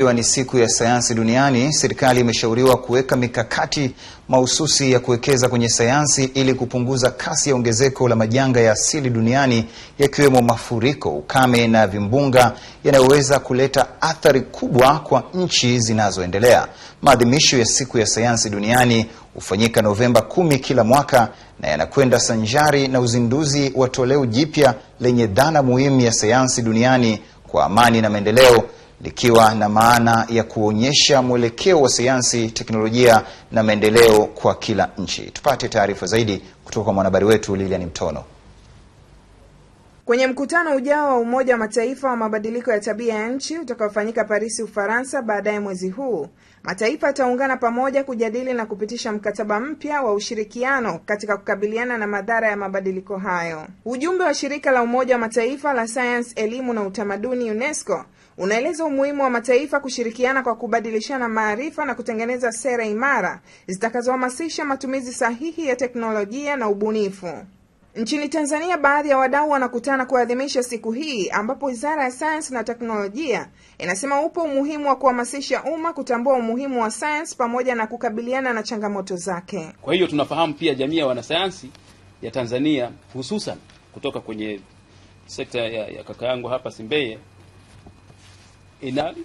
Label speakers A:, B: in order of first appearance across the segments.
A: Ikiwa ni siku ya sayansi duniani, serikali imeshauriwa kuweka mikakati mahususi ya kuwekeza kwenye sayansi ili kupunguza kasi ya ongezeko la majanga ya asili duniani yakiwemo mafuriko, ukame na vimbunga yanayoweza kuleta athari kubwa kwa nchi zinazoendelea. Maadhimisho ya siku ya sayansi duniani hufanyika Novemba kumi kila mwaka na yanakwenda sanjari na uzinduzi wa toleo jipya lenye dhana muhimu ya sayansi duniani kwa amani na maendeleo likiwa na maana ya kuonyesha mwelekeo wa sayansi, teknolojia na maendeleo kwa kila nchi. Tupate taarifa zaidi kutoka kwa mwanahabari wetu Lilian Mtono.
B: Kwenye mkutano ujao wa Umoja wa Mataifa wa mabadiliko ya tabia ya nchi utakaofanyika parisi Ufaransa, baadaye mwezi huu, mataifa yataungana pamoja kujadili na kupitisha mkataba mpya wa ushirikiano katika kukabiliana na madhara ya mabadiliko hayo. Ujumbe wa shirika la Umoja wa Mataifa la sayansi, elimu na utamaduni UNESCO unaeleza umuhimu wa mataifa kushirikiana kwa kubadilishana maarifa na kutengeneza sera imara zitakazohamasisha matumizi sahihi ya teknolojia na ubunifu. Nchini Tanzania, baadhi ya wadau wanakutana kuadhimisha siku hii, ambapo Wizara ya Sayansi na Teknolojia inasema upo umuhimu wa kuhamasisha umma kutambua umuhimu wa sayansi pamoja na kukabiliana na changamoto zake.
C: Kwa hiyo tunafahamu pia jamii ya wanasayansi ya Tanzania hususan kutoka kwenye sekta ya, ya kaka yangu hapa Simbeye inali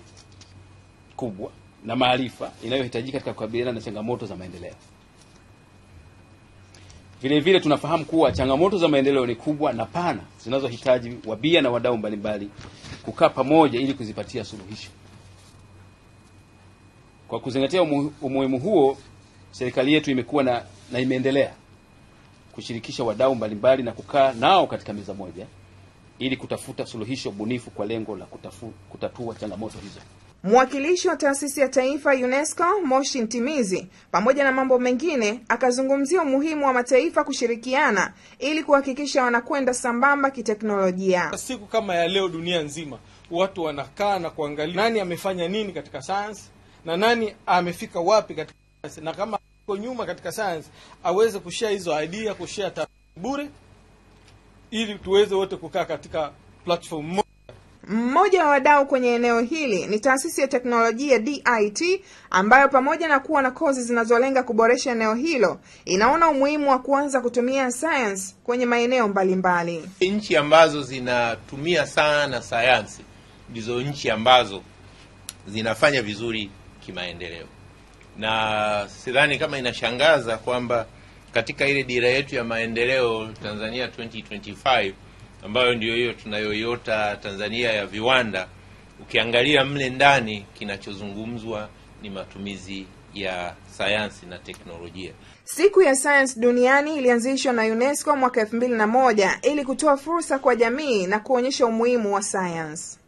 C: kubwa na maarifa inayohitajika katika kukabiliana na changamoto za maendeleo. Vile vile tunafahamu kuwa changamoto za maendeleo ni kubwa na pana zinazohitaji wabia na wadau mbalimbali kukaa pamoja ili kuzipatia suluhisho. Kwa kuzingatia umuhimu huo, serikali yetu imekuwa na, na imeendelea kushirikisha wadau mbalimbali na kukaa nao katika meza moja ili kutafuta suluhisho bunifu kwa lengo la kutafu, kutatua changamoto hizo.
B: Mwakilishi wa taasisi ya taifa UNESCO Moshi ntimizi pamoja na mambo mengine, akazungumzia umuhimu wa mataifa kushirikiana ili kuhakikisha wanakwenda sambamba kiteknolojia.
D: Siku kama ya leo, dunia nzima watu wanakaa na kuangalia nani amefanya nini katika sayansi na nani amefika wapi katika science. na kama yuko nyuma katika sayansi aweze kushea hizo idea, kushea bure ili tuweze wote kukaa katika platform moja.
B: Mmoja wa wadau kwenye eneo hili ni taasisi ya teknolojia DIT ambayo pamoja na kuwa na kozi zinazolenga kuboresha eneo hilo inaona umuhimu wa kuanza kutumia science kwenye maeneo mbalimbali.
E: Nchi ambazo zinatumia sana sayansi ndizo nchi ambazo zinafanya vizuri kimaendeleo, na sidhani kama inashangaza kwamba katika ile dira yetu ya maendeleo Tanzania 2025 ambayo ndiyo hiyo tunayoiota Tanzania ya viwanda, ukiangalia mle ndani kinachozungumzwa ni matumizi ya sayansi na teknolojia.
B: Siku ya sayansi duniani ilianzishwa na UNESCO mwaka 2001 ili kutoa fursa kwa jamii na kuonyesha umuhimu wa sayansi.